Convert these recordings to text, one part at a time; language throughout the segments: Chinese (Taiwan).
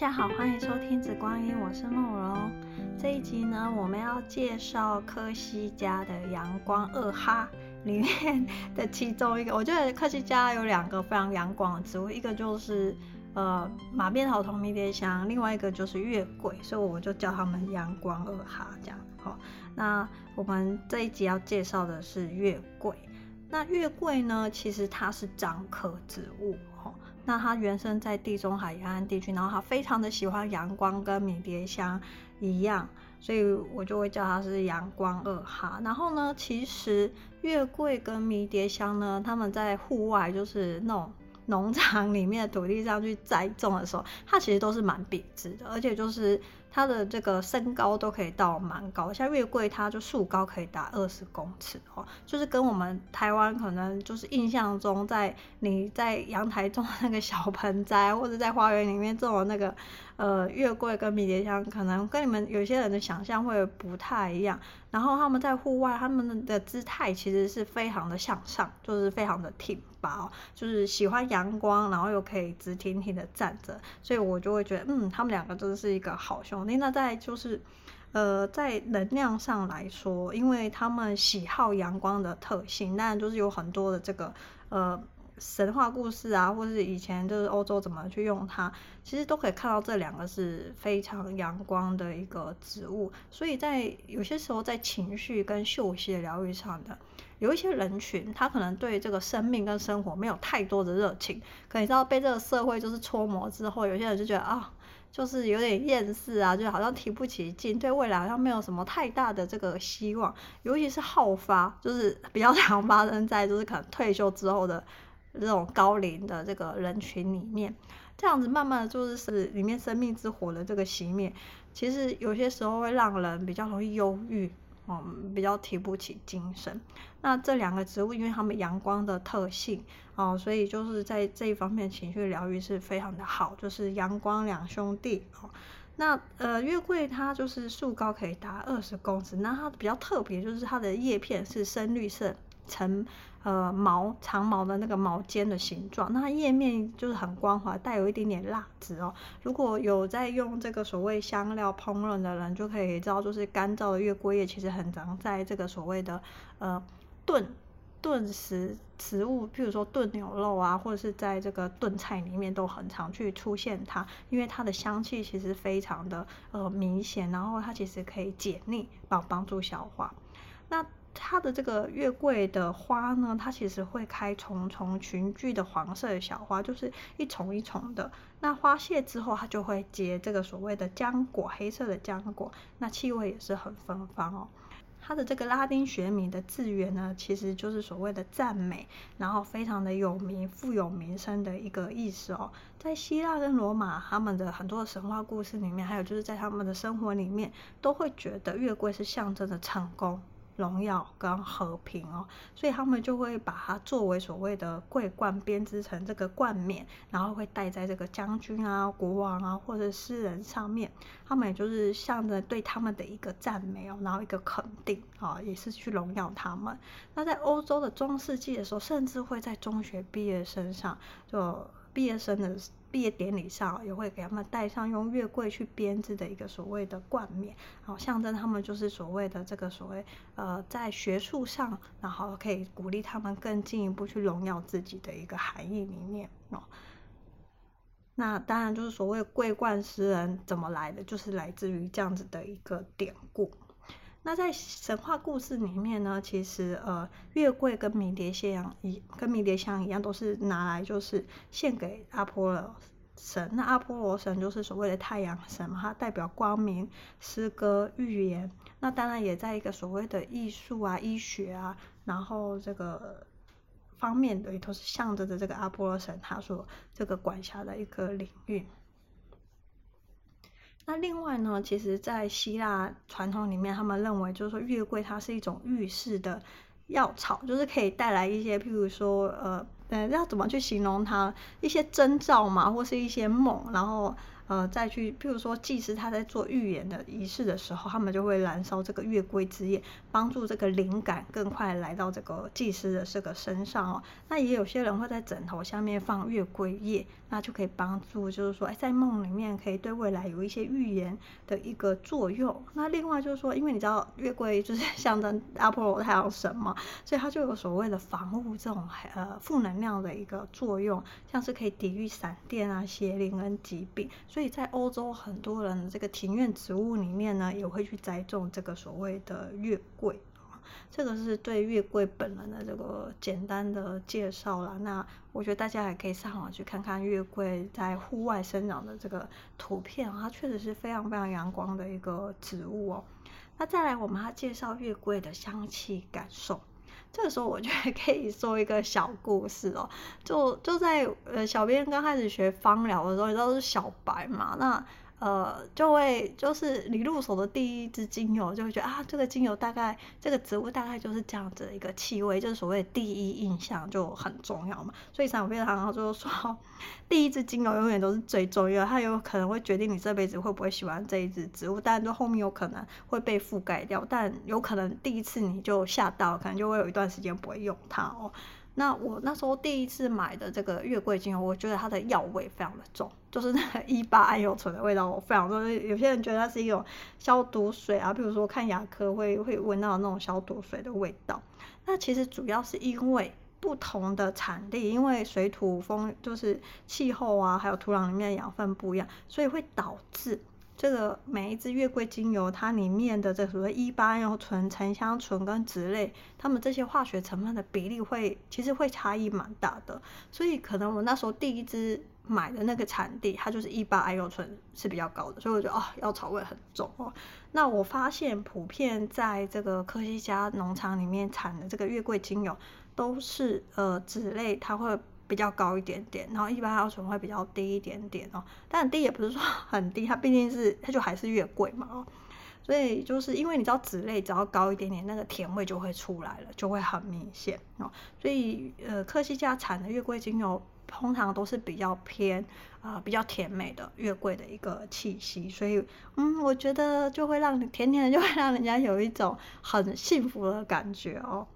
大家好，歡迎收聽《紫光音》。我是慕容。這一集呢，我們要介紹科西嘉的陽光二哈裡面的其中一個。我覺得科西嘉有兩個非常陽光的植物，一個就是呃馬鞭草同迷迭香，另外一個就是月桂，所以我們就叫他們陽光二哈這樣。好、哦，那我們這一集要介紹的是月桂。那月桂呢，其實它是樟科植物。哦那它原生在地中海沿岸地區，然後它非常的喜歡陽光，跟迷迭香一樣，所以我就會叫它是陽光二哈。然後呢，其實月桂跟迷迭香呢，他們在戶外就是那種。農場裡面的土地上去栽種的時候，它其實都是蠻筆直的，而且就是它的這個身高都可以到蠻高，像月桂，它就樹高可以達二十公尺哦，就是跟我們台灣可能就是印象中，在你在陽台種的那個小盆栽，或者在花園裡面種的那個。呃，月桂跟迷迭香可能跟你們有些人的想象會不太一樣。然後他們在戶外，他們的姿態其實是非常的向上，就是非常的挺拔，就是喜歡陽光，然後又可以直挺挺的站着。所以我就會覺得，嗯，他們兩個真的是一個好兄弟。那在就是，呃，在能量上來說，因為他們喜好陽光的特性，那就是有很多的這個，呃。神話故事啊，或者是以前就是歐洲怎麼去用它，其實都可以看到這兩個是非常陽光的一個植物。所以在有些時候，在情緒跟休息的療癒上的，有一些人群，他可能對這個生命跟生活沒有太多的熱情。可能你知道被這個社會就是搓磨之後，有些人就覺得啊、哦，就是有點厭世啊，就好像提不起勁，對未來好像沒有什麼太大的這個希望。尤其是好發，就是比較常發生在就是可能退休之後的。這種高齡的這個人群裡面，這樣子慢慢的就是是裡面生命之火的這個熄滅，其實有些時候會讓人比較容易憂鬱，嗯，比較提不起精神。那這兩個植物，因為它們陽光的特性哦，所以就是在這一方面情緒療癒是非常的好，就是陽光兩兄弟哦。那呃月桂它就是樹高可以達二十公尺，那它比較特別就是它的葉片是深綠色，呈呃，毛長毛的那個毛尖的形狀，那它葉面就是很光滑，帶有一點點蠟質哦。如果有在用這個所謂香料烹飪的人，就可以知道，就是乾燥的月桂葉其實很常在這個所謂的呃燉燉食食物，譬如說燉牛肉啊，或者是在這個燉菜裡面都很常去出現它，因為它的香氣其實非常的呃明顯，然後它其實可以解膩，幫幫助消化。那它的這個月桂的花呢，它其實會開重重群聚的黃色的小花，就是一叢一叢的。那花謝之後，它就會結這個所謂的漿果，黑色的漿果。那氣味也是很芬芳哦。它的這個拉丁學名的字源呢，其實就是所謂的讚美，然後非常的有名、富有名聲的一個意思哦。在希臘跟羅馬，他們的很多神話故事裡面，還有就是在他們的生活裡面，都會覺得月桂是象徵著成功，榮耀跟和平哦，所以他們就會把它作為所謂的桂冠，編織成這個冠冕，然後會戴在這個將軍啊、國王啊或者詩人上面。他們也就是向着對他們的一個讚美哦，然後一個肯定啊，也是去榮耀他們。那在歐洲的中世紀的時候，甚至會在中學畢業生上，就畢業生的。畢業典禮上也會給他們戴上用月桂去編織的一個所謂的冠冕，然後象徵他們就是所謂的這個所謂呃在學術上，然後可以鼓勵他們更進一步去榮耀自己的一個含義裡面哦。那當然就是所謂桂冠詩人怎麼來的，就是來自於這樣子的一個典故。那在神話故事裡面呢，其實呃，月桂跟迷迭香一跟迷迭香一樣，都是拿來就是獻給阿波羅神。那阿波羅神就是所謂的太陽神，它代表光明、詩歌、預言。那當然也在一個所謂的藝術啊、醫學啊，然後這個方面的也都是向着的這個阿波羅神他所這個管轄的一個領域。那另外呢，其實，在希臘傳統裡面，他們認為就是說，月桂它是一種預示的藥草，就是可以帶來一些，譬如說，呃，呃要怎麼去形容它，一些徵兆嘛，或是一些夢，然後。呃，再去，譬如說，祭司他在做預言的儀式的時候，他們就會燃燒這個月桂枝葉，幫助這個靈感更快來到這個祭司的這個身上哦。那也有些人會在枕頭下面放月桂葉，那就可以幫助，就是說，哎，在夢裡面可以對未來有一些預言的一個作用。那另外就是說，因為你知道月桂就是象徵阿波羅太陽神嘛，所以它就有所謂的防護這種呃負能量的一個作用，像是可以抵禦閃電啊、邪靈跟疾病，所所以在歐洲，很多人這個庭院植物裡面呢，也會去栽種這個所謂的月桂。這個是對月桂本人的這個簡單的介紹了。那我覺得大家也可以上網去看看月桂在戶外生長的這個圖片，它確實是非常非常陽光的一個植物哦。那再來，我們要介紹月桂的香氣感受。這時候我覺得可以說一個小故事哦，就就在呃，小編剛開始學芳療的時候，你知道是小白嘛，那。呃，就會就是你入手的第一支精油，就會覺得啊，這個精油大概這個植物大概就是這樣子的一個氣味，就是所謂的第一印象就很重要嘛。所以常常就說，第一支精油永遠都是最重要，它有可能會決定你這輩子會不會喜歡這一支植物，但是後面有可能會被覆蓋掉，但有可能第一次你就嚇到，可能就會有一段時間不會用它哦。那我那時候第一次買的這個月桂精油，我覺得它的藥味非常的重，就是那個一八桉油醇的味道，我非常重。有些人覺得它是一種消毒水啊，比如說看牙科會會聞到那種消毒水的味道。那其實主要是因為不同的產地，因為水土風就是氣候啊，還有土壤裡面的養分不一樣，所以會導致。這個每一支月桂精油，它裡面的這所謂 1,8- 桉油醇、沉香醇跟酯類，它們這些化學成分的比例會其實會差異蠻大的。所以可能我那時候第一支買的那個產地，它就是 1,8- 桉油醇是比較高的，所以我覺得啊，藥草味很重哦。那我發現普遍在這個科西嘉農場裡面產的這個月桂精油，都是呃酯類它會。比較高一點點，然後一般要存會比較低一點點哦，但低也不是說很低，它畢竟是它就還是月桂嘛哦，所以就是因為你知道酯類，只要高一點點，那個甜味就會出來了，就會很明顯哦，所以呃科西嘉產的月桂精油通常都是比較偏啊、呃、比較甜美的月桂的一個氣息，所以嗯我覺得就會讓你甜甜的，就會讓人家有一種很幸福的感覺哦，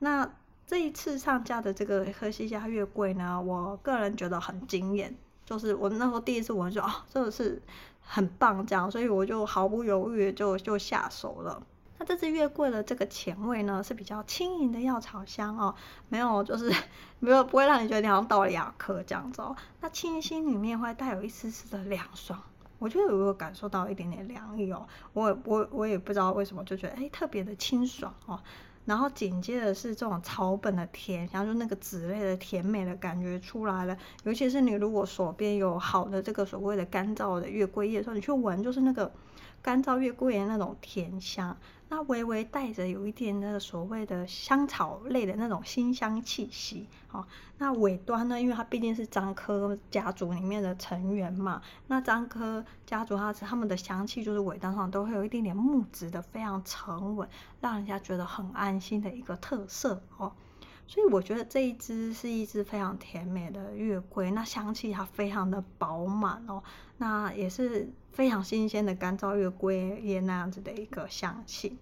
那。這一次上架的這個科西嘉月桂呢，我個人覺得很驚艷，就是我那時候第一次聞就哦、啊，這個是很棒這樣，所以我就毫不猶豫就就下手了。那這支月桂的這個前味呢是比較輕盈的藥草香哦，沒有就是沒有不會讓你覺得你好像到了牙科這樣子哦。那清新裡面會帶有一絲絲的涼爽，我覺得我有感受到一點點涼意哦，我我我也不知道為什麼就覺得哎特別的清爽哦。然後緊接着是這種草本的甜香，然後就那個籽類的甜美的感覺出來了。尤其是你如果手邊有好的這個所謂的乾燥的月桂葉的時候，你去聞，就是那個乾燥月桂葉的那種甜香。它微微帶着有一點那個所謂的香草類的那種馨香氣息，哦，那尾端呢，因為它畢竟是樟科家族裡面的成員嘛，那樟科家族它是它們的香氣就是尾端上都會有一點點木質的，非常沉穩，讓人家覺得很安心的一個特色哦。所以我覺得這一支是一支非常甜美的月桂，那香氣它非常的飽滿哦，那也是非常新鮮的乾燥月桂葉那樣子的一個香氣，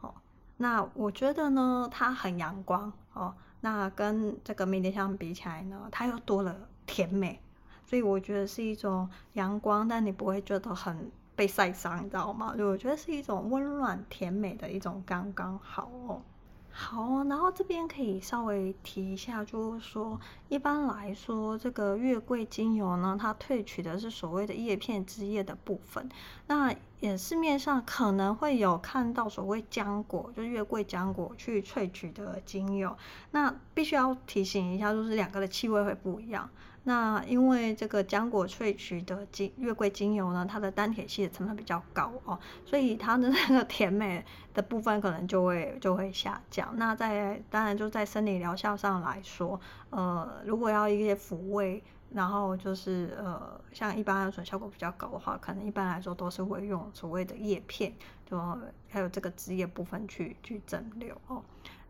哦，那我覺得呢，它很陽光哦，那跟這個迷迭香比起來呢，它又多了甜美，所以我覺得是一種陽光，但你不會覺得很被曬傷，你知道嗎？就我覺得是一種溫暖甜美的一種剛剛好哦。好，然後這邊可以稍微提一下，就是說，一般來說，這個月桂精油呢，它萃取的是所謂的葉片汁液的部分。那也市面上可能會有看到所謂漿果，就是月桂漿果去萃取的精油。那必須要提醒一下，就是兩個的氣味會不一樣。那因為這個漿果萃取的精月桂精油呢，它的單萜烯的成分比較高哦，所以它的那個甜美的部分可能就會就會下降。那在當然就在生理療效上來說，呃，如果要一些撫慰，然後就是呃像一般來說效果比較高的話，可能一般來說都是會用所謂的葉片，就還有這個枝葉部分去去蒸餾哦。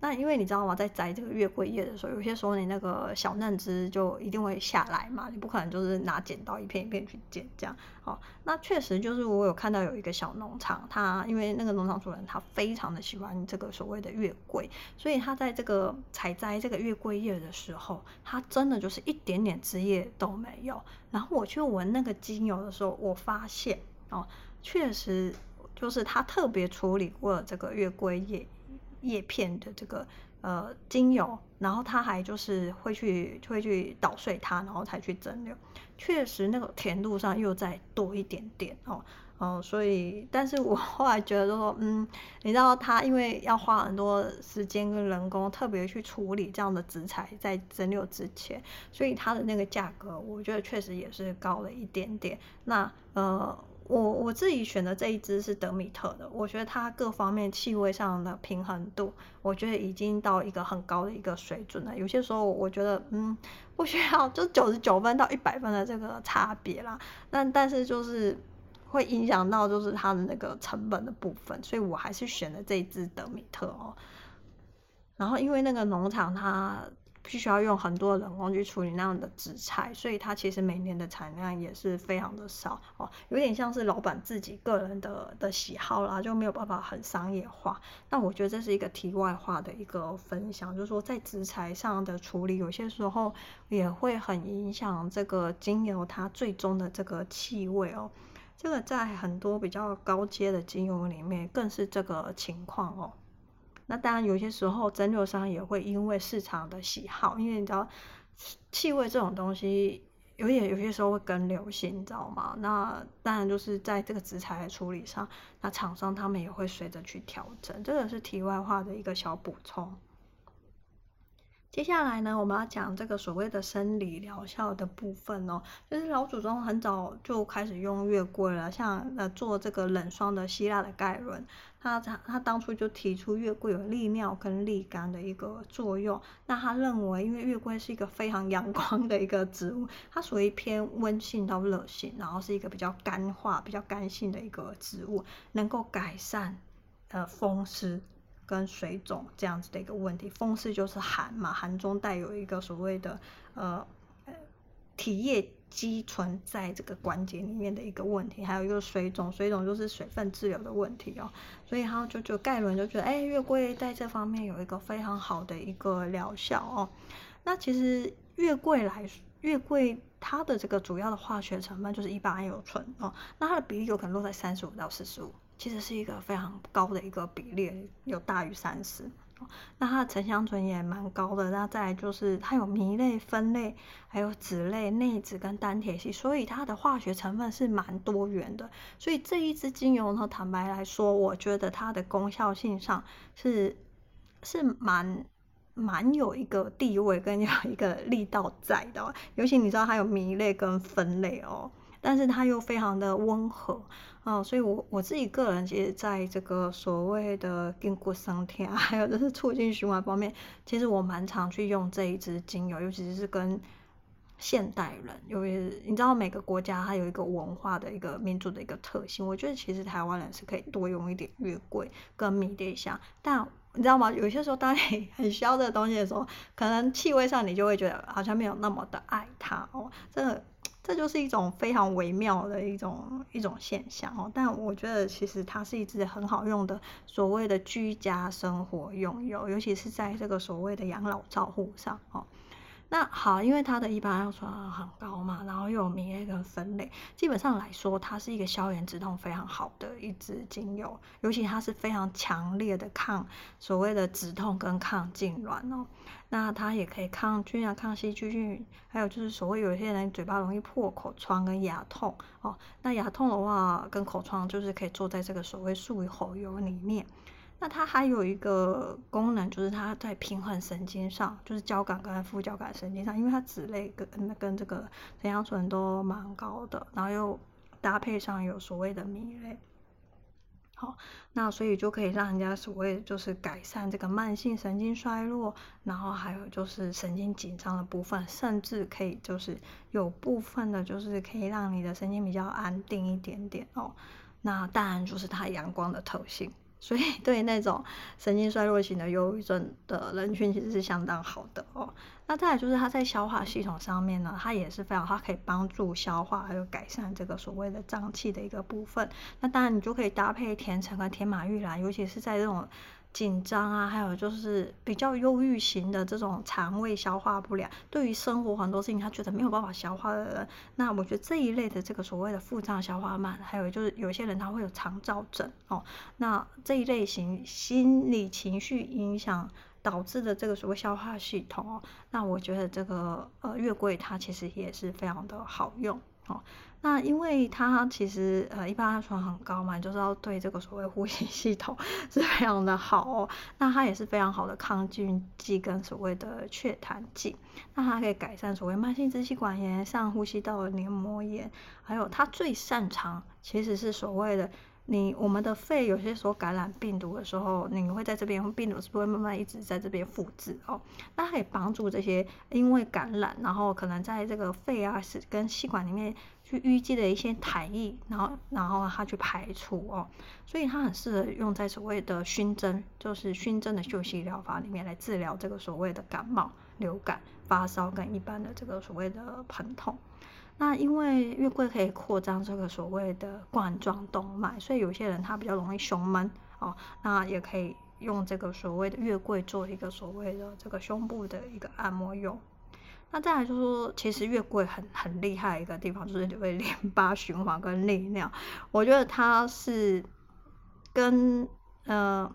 那因為你知道嗎，在摘這個月桂葉的時候，有些時候你那個小嫩枝就一定會下來嘛，你不可能就是拿剪刀一片一片去剪這樣。哦，那確實就是我有看到有一個小農場，他因為那個農場主人他非常的喜歡這個所謂的月桂，所以他在這個採摘這個月桂葉的時候，他真的就是一點點枝葉都沒有。然後我去聞那個精油的時候，我發現哦，確實就是他特別處理過這個月桂葉。葉片的這個呃精油，然後它還就是會去會去搗碎它，然後才去蒸餾。確實那個甜度上又再多一點點哦，嗯、呃，所以但是我後來覺得說，嗯，你知道它因為要花很多時間跟人工特別去處理這樣的植材，在蒸餾之前，所以它的那個價格，我覺得確實也是高了一點點。那呃。我我自己選的這一只是德米特的，我覺得它各方面氣味上的平衡度，我覺得已經到一個很高的一個水準了。有些時候我覺得，嗯，不需要，就九十九分到一百分的這個差別啦。但但是就是會影響到就是它的那個成本的部分，所以我還是選了這一支德米特喔。然後因為那個農場它。必須要用很多人工去處理那樣的植材，所以它其實每年的產量也是非常的少哦，有點像是老闆自己個人的的喜好啦，就沒有辦法很商業化。那我覺得這是一個題外話的一個分享，就是說在植材上的處理，有些時候也會很影響這個精油它最終的這個氣味哦。這個在很多比較高階的精油裡面更是這個情況哦。那當然，有些時候，蒸餾商也會因為市場的喜好，因為你知道，氣味這種東西，有點有些時候會更流行，你知道嗎？那當然，就是在這個植材的處理上，那廠商他們也會隨着去調整。這個是題外話的一個小補充。接下來呢，我們要講這個所謂的生理療效的部分哦。就是老祖宗很早就開始用月桂了，像呃做這個冷霜的希臘的蓋倫，他他他當初就提出月桂有利尿跟利肝的一個作用。那他認為，因為月桂是一個非常陽光的一個植物，它屬於偏溫性到熱性，然後是一個比較乾化、比較乾性的一個植物，能夠改善呃風濕。跟水腫這樣子的一個問題，風濕就是寒嘛，寒中帶有一個所謂的呃體液積存在這個關節裡面的一個問題，還有一個水腫，水腫就是水分滯留的問題哦。所以他就就蓋倫就覺得，哎，月桂在這方面有一個非常好的一個療效哦。那其實月桂來月桂它的這個主要的化學成分就是 1,8- 桉油醇哦，那它的比例有可能落在三十五到四十五。其實是一個非常高的一個比例，有大於三十。那它的沉香醇也蠻高的，那再來就是它有醚類、酚類，還有酯類、內酯跟單萜烯。所以它的化學成分是蠻多元的。所以這一支精油呢，坦白來說，我覺得它的功效性上是是蠻蠻有一個地位跟有一個力道在的，尤其你知道它有醚類跟酚類哦。但是它又非常的溫和，哦，所以我我自己個人其實在這個所謂的筋骨酸痛，啊，還有就是促進循環方面，其實我蠻常去用這一支精油，尤其是跟現代人，尤其是你知道每個國家它有一個文化的一個民族的一個特性，我覺得其實台灣人是可以多用一點月桂跟迷迭香，但你知道嗎？有些時候當你很需要這個東西的時候，可能氣味上你就會覺得好像沒有那麼的愛它哦，真的。這就是一種非常微妙的一種一種現象哦，但我覺得其實它是一支很好用的所謂的居家生活用油，尤其是在這個所謂的養老照護上哦。那好，因為它的一般藥效很高嘛，然後又有明確的分類，基本上來說，它是一個消炎止痛非常好的一支精油，尤其它是非常強烈的抗所謂的止痛跟抗痙攣哦。那它也可以抗菌啊，抗細菌，還有就是所謂有些人嘴巴容易破口瘡跟牙痛哦。那牙痛的話跟口瘡就是可以做在這個所謂漱口油裡面。那它還有一個功能，就是它在平衡神經上，就是交感跟副交感神經上，因為它脂類跟跟這個營養醇都蠻高的，然後又搭配上有所謂的醚類，好，那所以就可以讓人家所謂就是改善這個慢性神經衰弱，然後還有就是神經緊張的部分，甚至可以就是有部分的就是可以讓你的神經比較安定一點點哦。那當然就是它陽光的特性。所以對於那種神經衰弱型的憂鬱症的人群其實是相當好的哦。那再來就是它在消化系統上面呢，它也是非常，它可以幫助消化，還有改善這個所謂的脹氣的一個部分。那當然你就可以搭配甜橙和甜馬鬱蘭，尤其是在這種。緊張啊，還有就是比較憂鬱型的這種腸胃消化不良，對於生活很多事情他覺得沒有辦法消化的人，那我覺得這一類的這個所謂的腹脹、消化慢，還有就是有些人他會有腸躁症哦，那這一類型心理情緒影響導致的這個所謂消化系統哦，那我覺得這個呃月桂它其實也是非常的好用哦。那因為它其實呃，一般它床很高嘛，就是要對這個所謂呼吸系統是非常的好哦。那它也是非常好的抗菌劑跟所謂的祛痰劑。那它可以改善所謂慢性支氣管炎、上呼吸道的黏膜炎，還有它最擅長其實是所謂的你，我們的肺有些時候感染病毒的時候，你會在這邊病毒是不會慢慢一直在這邊複製哦。那它也幫助這些因為感染，然後可能在這個肺啊是跟氣管裡面去淤積的一些痰液，然後然後它去排除哦，所以它很適合用在所謂的燻蒸，就是燻蒸的休息療法裡面來治療這個所謂的感冒、流感、發燒跟一般的這個所謂的疼痛。那因為月桂可以擴張這個所謂的冠狀動脈，所以有些人他比較容易胸悶哦，那也可以用這個所謂的月桂做一個所謂的這個胸部的一個按摩用。那、啊、再來就是說，其實月桂很很厲害一個地方就是你會淋巴循環跟利尿，我覺得它是跟嗯、呃、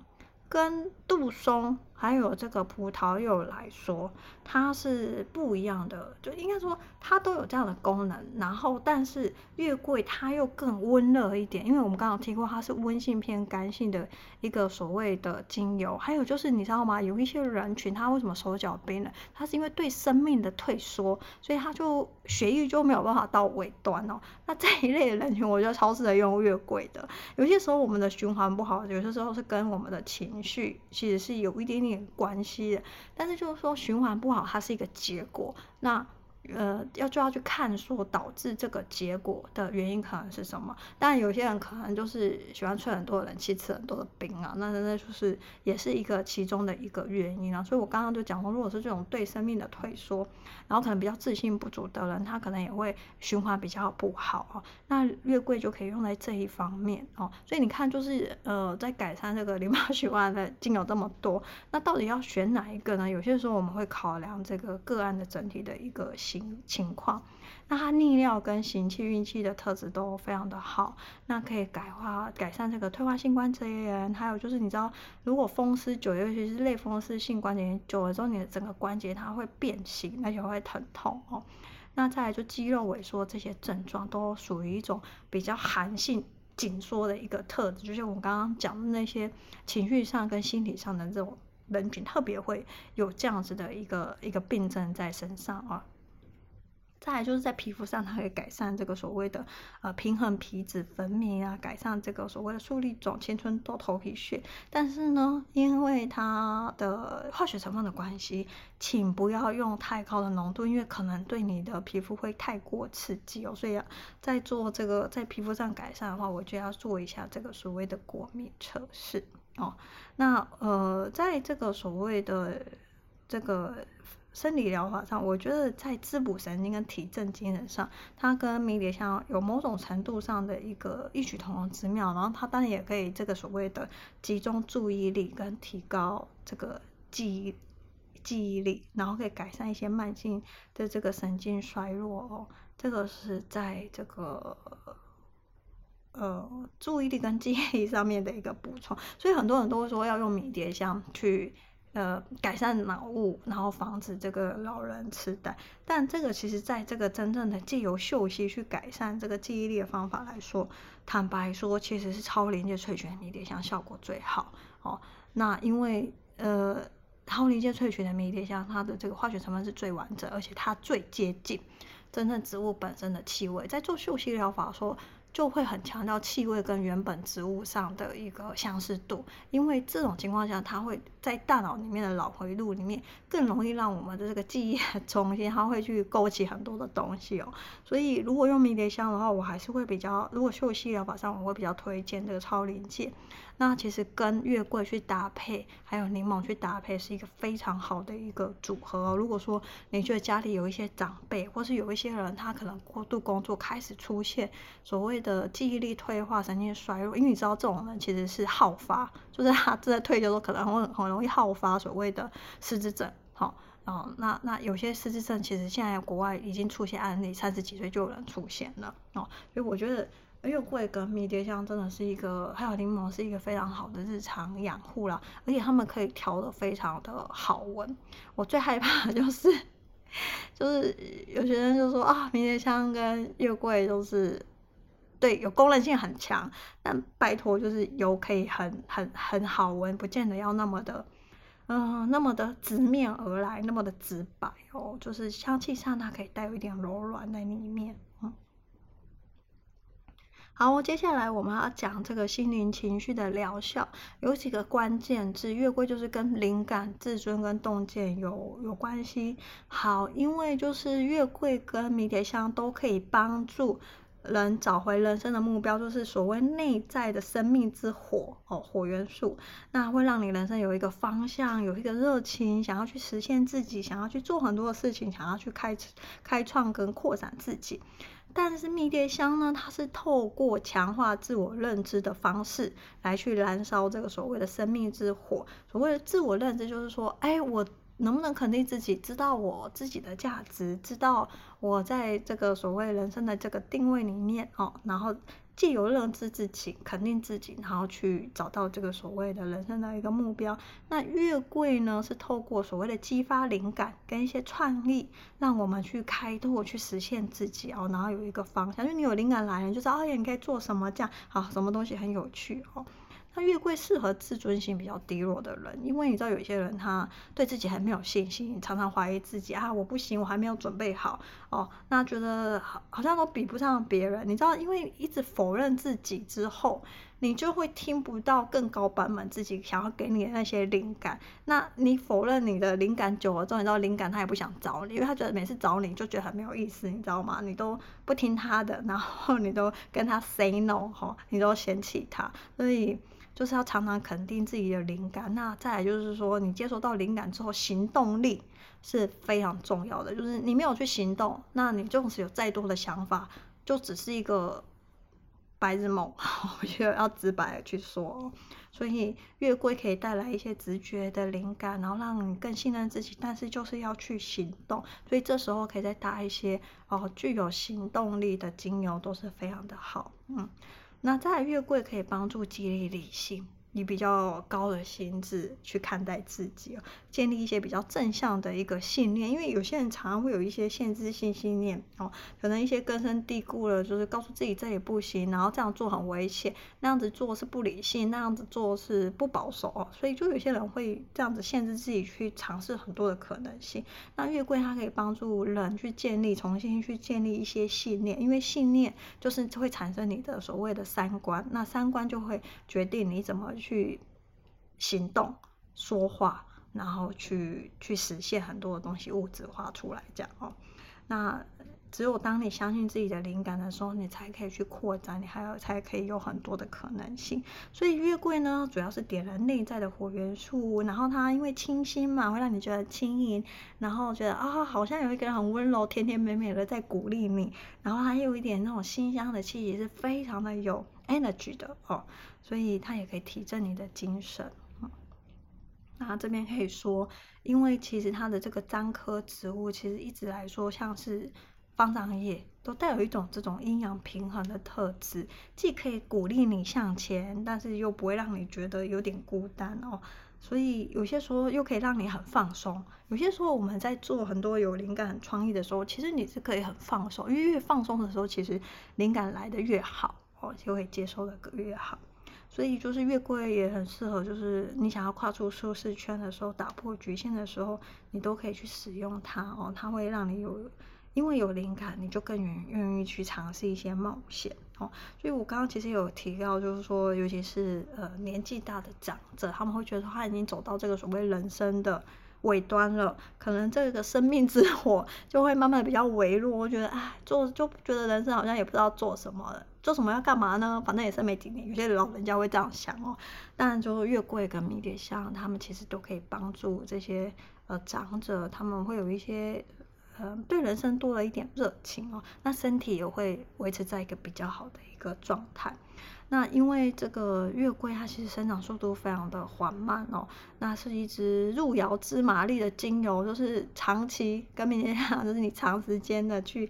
跟杜松。還有這個葡萄柚來說，它是不一樣的，就應該說它都有這樣的功能。然後，但是月桂它又更溫熱一點，因為我們剛剛聽過它是溫性偏乾性的一個所謂的精油。還有就是你知道嗎？有一些人群他為什麼手腳冰冷？他是因為對生命的退縮，所以他就血液就沒有辦法到尾端哦。那這一類的人群，我覺得超適合用月桂的。有些時候我們的循環不好，有些時候是跟我們的情緒其實是有一點點。關係的，但是就是說循環不好，它是一個結果。那。呃，要就要去看說導致這個結果的原因可能是什麼，但有些人可能就是喜歡吹很多冷氣，吃很多的冰啊，那那就是也是一個其中的一個原因啊。所以我剛剛就講過，如果是這種對生命的退縮，然後可能比較自信不足的人，他可能也會循環比較不好啊。那月桂就可以用在這一方面哦、啊。所以你看，就是呃，在改善這個淋巴循環的精油這麼多，那到底要選哪一個呢？有些時候我們會考量這個個案的整體的一個。情況，那它利尿跟行氣運氣的特質都非常的好，那可以改化改善這個退化性關節炎，還有就是你知道，如果風濕久，尤其是類風濕性關節炎久了之後，你的整個關節它會變形，而且會疼痛哦。那再來就肌肉萎縮這些症狀，都屬於一種比較寒性緊縮的一個特質，就是我們剛剛講的那些情緒上跟心理上的這種人群，特別會有這樣子的一個一個病症在身上啊、哦。再來就是在皮膚上，它可以改善這個所謂的呃，平衡皮脂分泌啊，改善這個所謂的粟粒腫、青春痘、頭皮屑。但是呢，因為它的化學成分的關係，請不要用太高的濃度，因為可能對你的皮膚會太過刺激哦。所以啊，在做這個在皮膚上改善的話，我就要做一下這個所謂的過敏測試哦。那呃，在這個所謂的這個。生理療法上，我覺得在滋補神經跟提振精神上，它跟迷迭香有某種程度上的一個異曲同工之妙。然後它當然也可以這個所謂的集中注意力跟提高這個記憶記憶力，然後可以改善一些慢性的這個神經衰弱哦。這個是在這個呃注意力跟記憶力上面的一個補充，所以很多人都會說要用迷迭香去。呃，改善腦霧，然後防止這個老人痴呆。但這個其實，在這個真正的藉由嗅息去改善這個記憶力的方法來說，坦白說，其實是超臨界萃取迷迭香效果最好哦。那因為呃，超臨界萃取的迷迭香，它的這個化學成分是最完整，而且它最接近真正植物本身的氣味。在做嗅息療法說，就會很強調氣味跟原本植物上的一個相似度，因為這種情況下，它會。在大腦裡面的腦回路裡面更容易讓我們的這個記憶重現，它會去勾起很多的東西哦、喔。所以如果用迷迭香的話，我還是會比較；如果嗅吸療法上，我會比較推薦這個超臨界。那其實跟月桂去搭配，還有檸檬去搭配，是一個非常好的一個組合、喔。如果說你覺得家裡有一些長輩，或是有一些人，他可能過度工作開始出現所謂的記憶力退化、神經衰弱，因為你知道這種人其實是好發。就是他正在退休的時候，可能很很容易好發所謂的失智症，哈，哦，那那有些失智症其實現在國外已經出現案例，三十幾歲就有人出現了，哦，所以我覺得月桂跟迷迭香真的是一個，還有檸檬是一個非常好的日常養護啦，而且他們可以調的非常的好聞。我最害怕的就是就是有些人就說啊，迷迭香跟月桂都是。對，有功能性很強，但拜托，就是油可以很很很好聞，不見得要那麼的，嗯，那麼的直面而來，那麼的直白哦，就是香氣上它可以帶有一點柔軟在裡面。嗯，好，接下來我們要講這個心靈情緒的療效，有幾個關鍵字，月桂就是跟靈感、自尊跟洞見有有關係。好，因為就是月桂跟迷迭香都可以幫助。能找回人生的目標，就是所謂內在的生命之火哦，火元素，那會讓你人生有一個方向，有一個熱情，想要去實現自己，想要去做很多的事情，想要去開開創跟擴展自己。但是，迷迭香呢，它是透過強化自我認知的方式來去燃燒這個所謂的生命之火。所謂的自我認知，就是說，哎，我。能不能肯定自己，知道我自己的價值，知道我在這個所謂人生的這個定位裡面哦，然後既有認知自己，肯定自己，然後去找到這個所謂的人生的一個目標。那月桂呢，是透過所謂的激發靈感跟一些創意，讓我們去開拓，去實現自己哦，然後有一個方向。因為你有靈感來了，就是哦，哎呀，你可以做什麼這樣，好，什麼東西很有趣哦。月桂適合自尊心比較低落的人，因為你知道有一些人他對自己還沒有信心，常常懷疑自己啊，我不行，我還沒有準備好哦，那覺得好好像都比不上別人。你知道，因為一直否認自己之後，你就會聽不到更高版本自己想要給你的那些靈感。那你否認你的靈感久了之後，終你知道靈感他也不想找你，因為他覺得每次找你就覺得很沒有意思，你知道嗎？你都不聽他的，然後你都跟他 say no 哈、哦，你都嫌棄他，所以。就是要常常肯定自己的靈感，那再來就是說，你接收到靈感之後，行動力是非常重要的。就是你沒有去行動，那你縱使有再多的想法，就只是一個白日夢。我覺得要直白去說，哦，所以月桂可以帶來一些直覺的靈感，然後讓你更信任自己，但是就是要去行動。所以這時候可以再搭一些哦，具有行動力的精油都是非常的好。嗯。那在月桂可以幫助激勵理性。以比較高的心智去看待自己，建立一些比較正向的一個信念，因為有些人常常會有一些限制性信念哦，可能一些根深蒂固的，就是告訴自己這也不行，然後這樣做很危險，那樣子做是不理性，那樣子做是不保守哦，所以就有些人會這樣子限制自己去嘗試很多的可能性。那月桂它可以幫助人去建立，重新去建立一些信念，因為信念就是會產生你的所謂的三觀，那三觀就會決定你怎麼去。去行動、說話，然後去去實現很多的東西，物質化出來這樣哦。那。只有當你相信自己的靈感的時候，你才可以去擴展，你還有才可以有很多的可能性。所以月桂呢，主要是點燃內在的火元素，然後它因為清新嘛，會讓你覺得輕盈，然後覺得啊、哦，好像有一個人很溫柔、甜甜美美的在鼓勵你，然後還有一點那種馨香的氣息，是非常的有 energy 的哦，所以它也可以提振你的精神。嗯、那這邊可以說，因為其實它的這個樟科植物，其實一直來說像是。方丈也都帶有一種這種陰陽平衡的特質，既可以鼓勵你向前，但是又不會讓你覺得有點孤單哦。所以有些時候又可以讓你很放鬆。有些時候我們在做很多有靈感、創意的時候，其實你是可以很放鬆。因為越放鬆的時候，其實靈感來的越好哦，就會接收的越好。所以就是月桂也很適合，就是你想要跨出舒適圈的時候，打破局限的時候，你都可以去使用它哦。它會讓你有。因為有靈感，你就更願願意去嘗試一些冒險哦。所以我剛剛其實有提到，就是說，尤其是呃年紀大的長者，他們會覺得他已經走到這個所謂人生的尾端了，可能這個生命之火就會慢慢比較微弱。我覺得哎，做就覺得人生好像也不知道做什麼了，做什麼要幹嘛呢？反正也是沒幾年。有些老人家會這樣想哦。但就是月桂跟迷迭香，他們其實都可以幫助這些呃長者，他們會有一些。嗯，對人生多了一點熱情哦，那身體也會維持在一個比較好的一個狀態。那因為這個月桂它其實生長速度非常的緩慢哦，那是一支入窯芝麻粒的精油，就是長期跟別人講，就是你長時間的去。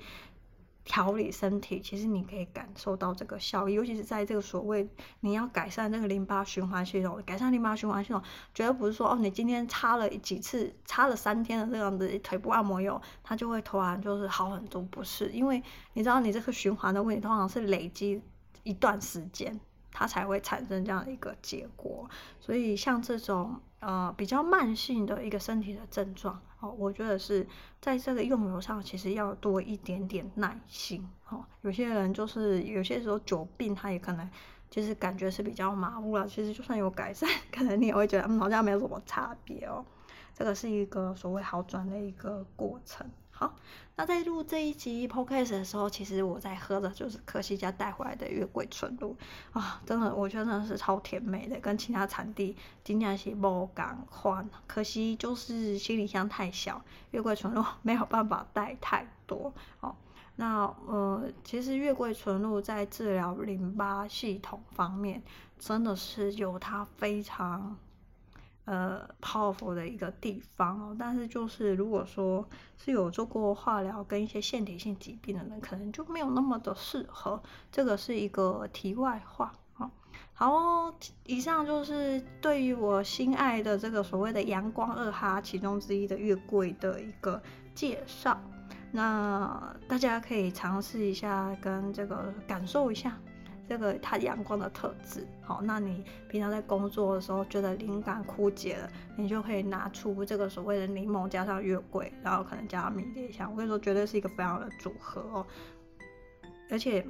調理身體，其實你可以感受到這個效益，尤其是在這個所謂你要改善這個淋巴循環系統，改善淋巴循環系統，絕對不是說哦，你今天擦了幾次，擦了三天的這樣子腿部按摩油，它就會突然就是好很多，不是，因為你知道你這個循環的問題，通常是累積一段時間，它才會產生這樣一個結果，所以像這種呃比較慢性的一個身體的症狀。我覺得是在這個用油上，其實要多一點點耐心哦。有些人就是有些時候久病，他也可能就是感覺是比較麻木了。其實就算有改善，可能你也會覺得好像沒有什麼差別哦。這個是一個所謂好轉的一個過程。好，那在錄這一集 Podcast 的時候，其實我在喝的就是科西嘉帶回來的月桂純露啊，真的，我覺得真的是超甜美的，跟其他產地真的是無共款。可惜就是行李箱太小，月桂純露沒有辦法帶太多哦、啊。那呃，其實月桂純露在治療淋巴系統方面，真的是有它非常。呃，powerful 的一個地方哦，但是就是如果說是有做過化療跟一些腺體性疾病的人，可能就沒有那麼的適合。這個是一個題外話，哦。好，哦，好，以上就是對於我心愛的這個所謂的陽光二哈其中之一的月桂的一個介紹，那大家可以嘗試一下，跟這個感受一下。這個它陽光的特質，好，那你平常在工作的時候覺得靈感枯竭了，你就可以拿出這個所謂的檸檬加上月桂，然後可能加上迷迭香，我跟你說絕對是一個非常好的組合哦。而且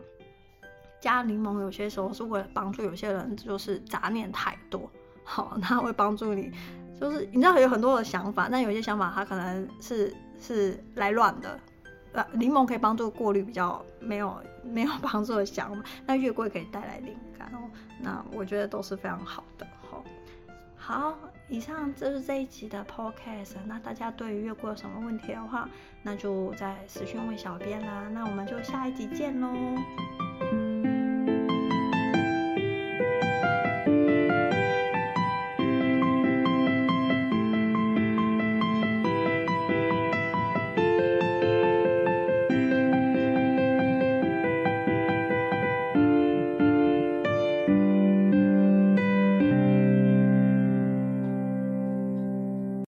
加檸檬有些時候是為了幫助有些人就是雜念太多，好，它會幫助你，就是你知道有很多的想法，但有些想法它可能是是來亂的。檸檬可以幫助過濾比較沒有沒有幫助的香，那月桂可以帶來靈感哦，那我覺得都是非常好的。好，以上就是這一集的 Podcast，那大家對於月桂有什麼問題的話，那就在私訊問小編啦，那我們就下一集見嘍。